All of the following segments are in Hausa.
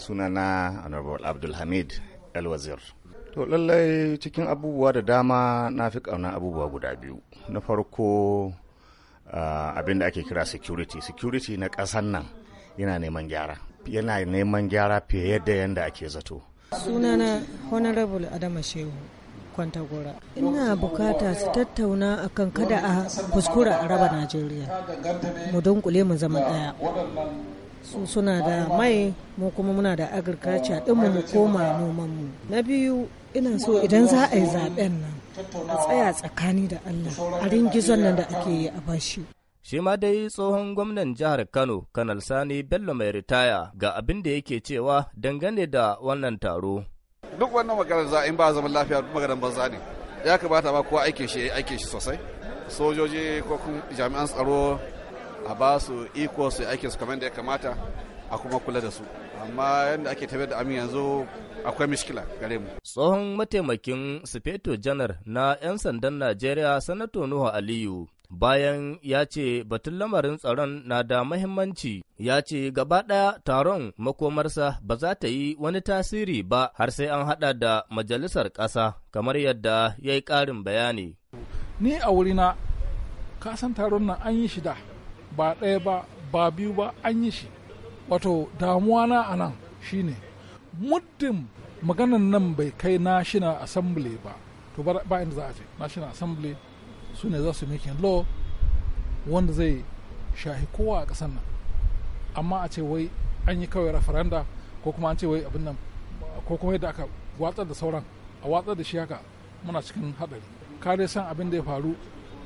sunana honorable abdulhamid elwazir to lallai cikin abubuwa da dama na fi ƙauna abubuwa guda biyu na farko abin da ake kira security security na ƙasan nan yana neman gyara yana neman gyara fiye da yadda ake zato sunana honorable adama shehu kwantagora ina bukata su tattauna akan kada a kuskura a raba najeriya mu dunkule mu zama ɗaya su suna da mai mu kuma muna da agriculture ɗinmu mu koma noman mu na biyu ina so idan za a yi zaɓen nan a tsaya tsakani da Allah a ringizon nan da ake yi a bashi shi ma dai tsohon gwamnan jihar Kano, Kanal Sani Bello mai ritaya ga abin da yake cewa dangane da wannan taro. Duk wannan maganar za in ba zaman lafiya duk maganar banza ne. Ya kamata ba kowa aike shi aike shi sosai. Sojoji ko jami'an tsaro a ba su iko su aikin su kamar da ya kamata a kuma kula da su amma yadda ake tafiyar da amin yanzu akwai mishkila gare mu tsohon mataimakin sufeto janar na 'yan sandan najeriya sanato nuhu aliyu bayan ya ce batun lamarin tsaron na da mahimmanci ya ce gaba ɗaya taron makomarsa ba za ta yi wani tasiri ba har sai an haɗa da majalisar ƙasa kamar yadda ya yi ƙarin bayani ni a wurina kasan taron nan an yi shida ba ɗaya ba ba biyu ba an yi shi wato damuwa na a nan ne. muddin maganan nan bai kai national assembly ba to ba inda za a ce national assembly su ne za su making law wanda zai shahi kowa a ƙasar nan amma a ce wai an yi kawai referenda ko kuma an ce wai abin nan ko kuma yadda aka watsar da sauran a watsar da shi haka muna cikin haɗari kare san abin da ya faru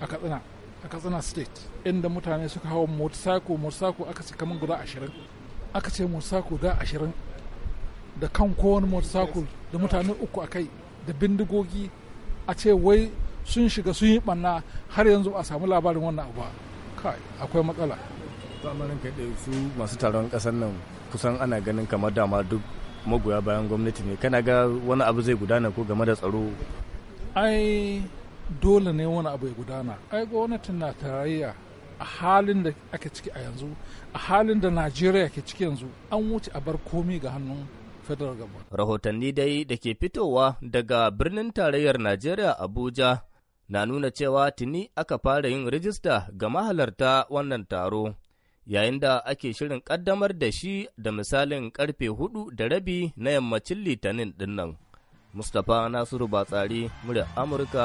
a katsina a katsina state inda mutane suka hawa motsako motsako aka ce kamar guda ashirin aka ce motsako da ashirin da kan kowane motsako da mutane uku a kai da bindigogi a ce wai sun shiga sun yi banna har yanzu a samu labarin wannan abu kai akwai matsala zamanin kai su masu taron kasan nan kusan ana ganin kamar dama duk magoya bayan gwamnati ne kana ga wani abu zai gudana ko game da tsaro ai dole ne wani abu ya gudana ai gwamnatin na tarayya a halin da ake ciki a yanzu a halin da najeriya ke ciki yanzu an wuce a bar komi ga hannun federal government rahotanni dai da ke fitowa daga birnin tarayyar najeriya abuja na nuna cewa tuni aka fara yin rijista ga mahalarta wannan taro yayin da ake shirin kaddamar da shi da misalin karfe hudu da rabi na yammacin litinin dinnan mustapha nasiru batsari murya amurka